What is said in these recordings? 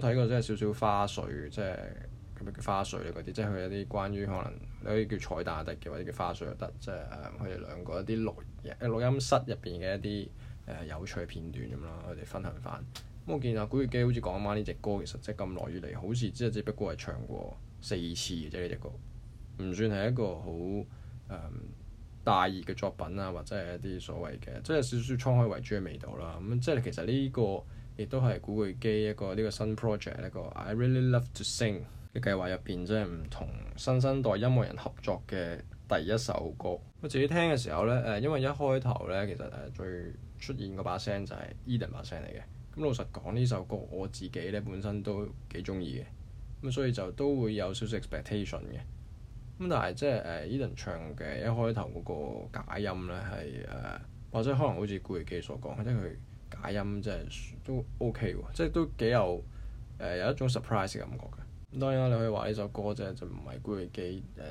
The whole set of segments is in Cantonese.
都睇過真係少少花絮，即係咁樣叫花絮咧嗰啲，即係佢一啲關於可能你可以叫彩蛋又得嘅，或者叫花絮又得，即係佢哋兩個一啲錄音音室入邊嘅一啲誒、呃、有趣嘅片段咁咯，我哋分享翻。咁我見阿古巨基好似講啊呢隻歌，其實即係咁耐以嚟，好似即係只不過係唱過四次嘅啫呢隻歌，唔算係一個好誒、嗯、大熱嘅作品啊，或者係一啲所謂嘅，即係少少滄海遺珠嘅味道啦。咁即係其實呢、呢個。亦都係古巨基一個呢個新 project 一個，I really love to sing 嘅計劃入邊，即係唔同新生代音樂人合作嘅第一首歌。我自己聽嘅時候咧，誒，因為一開頭咧，其實誒最出現嗰把聲就係 Edan 把聲嚟嘅。咁老實講，呢首歌我自己咧、e、本身都幾中意嘅，咁所以就都會有少少 expectation 嘅。咁但係即係誒 Edan 唱嘅一開頭嗰個假音咧，係誒或者可能好似古巨基所講，即係佢。假音真係都 O K 喎，即係都幾有誒、呃、有一種 surprise 嘅感覺嘅。咁當然啦、啊，你可以話呢首歌真係，就唔係古巨基誒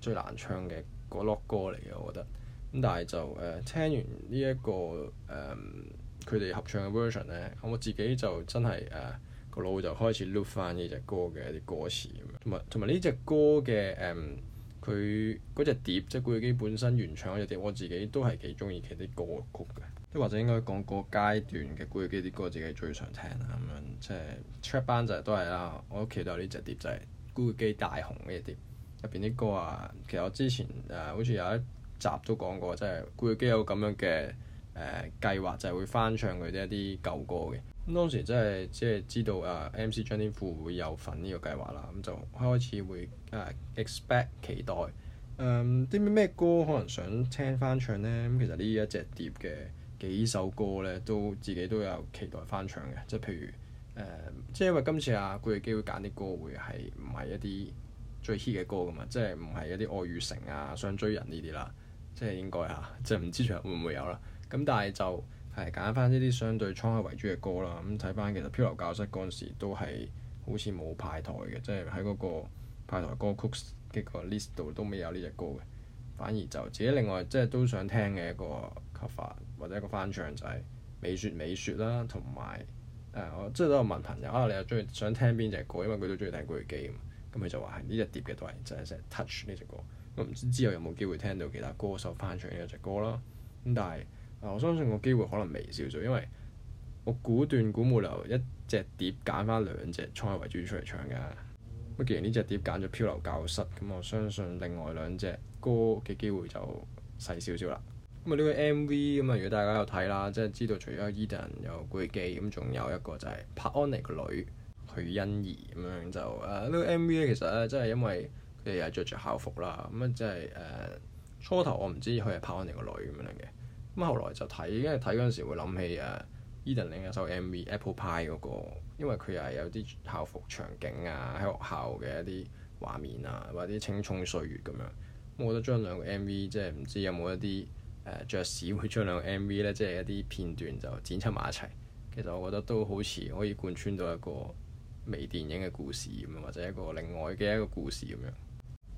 最難唱嘅嗰 loc 歌嚟嘅，我覺得。咁但係就誒、呃、聽完呢、這、一個誒佢哋合唱嘅 version 咧，我我自己就真係誒個腦就開始 look 翻呢隻歌嘅一啲歌詞咁樣。同埋同埋呢隻歌嘅誒佢嗰隻碟即係古巨基本身原唱嗰隻碟，我自己都係幾中意佢啲歌曲嘅。或者應該講個階段嘅古巨基啲歌，自己最常聽啦。咁樣即係 trap band 就都係啦。我屋企都有呢隻碟就係古巨基大紅嘅、呢個、碟入邊啲歌啊。其實我之前誒、呃、好似有一集都講過，即係古巨基有咁樣嘅誒、呃計,嗯呃、計劃，就係會翻唱佢啲一啲舊歌嘅。咁當時真係即係知道誒 M.C. 張天賦會有份呢個計劃啦。咁就開始會誒、呃、expect 期待誒啲咩歌可能想聽翻唱咧。咁其實呢一隻碟嘅。幾首歌咧，都自己都有期待翻唱嘅，即係譬如誒、呃，即係因為今次啊，佢哋機會揀啲歌會，係唔係一啲最 hit 嘅歌噶嘛，即係唔係一啲愛與誠啊、想追人呢啲啦，即係應該嚇、啊，即係唔知場會唔會有啦。咁但係就係揀翻呢啲相對艱難為主嘅歌啦。咁睇翻其實飄流教室嗰陣時都係好似冇派台嘅，即係喺嗰個派台歌曲嘅個 list 度都未有呢隻歌嘅，反而就自己另外即係都想聽嘅一個。或者一個翻唱就係美雪美雪啦，同埋誒我即係都有問朋友啊，你又中意想聽邊隻歌？因為佢都中意聽古巨基咁，咁佢就話係呢隻碟嘅都係，就係、是、Touch 呢隻歌。我唔知之後有冇機會聽到其他歌手翻唱呢隻歌啦。咁但係、呃、我相信個機會可能微少少，因為我估斷冇理由一隻碟揀翻兩隻創為主出嚟唱嘅。咁既然呢隻碟揀咗《飄流教室》，咁我相信另外兩隻歌嘅機會就細少少啦。咁呢個 M V 咁、嗯、啊，如果大家有睇啦，即係知道除咗 Edan 有巨記，咁、嗯、仲有一個就係柏安妮個女許欣怡咁樣就誒呢、呃這個 M V 咧，其實咧即係因為佢哋又着著校服啦，咁、嗯、啊即係誒、呃、初頭我唔知佢係柏安妮個女咁樣嘅。咁、嗯、後來就睇，因為睇嗰陣時會諗起誒、uh, Edan 另一首 M V Apple Pie 嗰、那個，因為佢又係有啲校服場景啊，喺學校嘅一啲畫面啊，或者青葱歲月咁樣。咁、嗯、我覺得將兩個 M V 即係唔知有冇一啲。誒爵士會將兩個 M V 咧，即係一啲片段就剪出埋一齊。其實我覺得都好似可以貫穿到一個微電影嘅故事咁，或者一個另外嘅一個故事咁樣。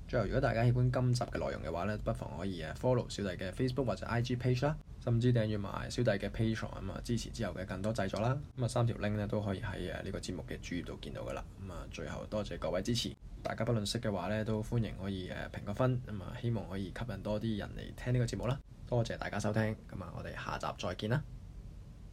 最後，如果大家喜歡今集嘅內容嘅話咧，不妨可以 follow 小弟嘅 Facebook 或者 I G page 啦，甚至訂閱埋小弟嘅 Patreon 咁啊支持之後嘅更多製作啦。咁啊，三條 link 咧都可以喺誒呢個節目嘅主頁度見到噶啦。咁啊，最後多謝各位支持。大家不論識嘅話咧，都歡迎可以誒評個分咁啊，希望可以吸引多啲人嚟聽呢個節目啦。多謝大家收聽，咁啊，我哋下集再見啦。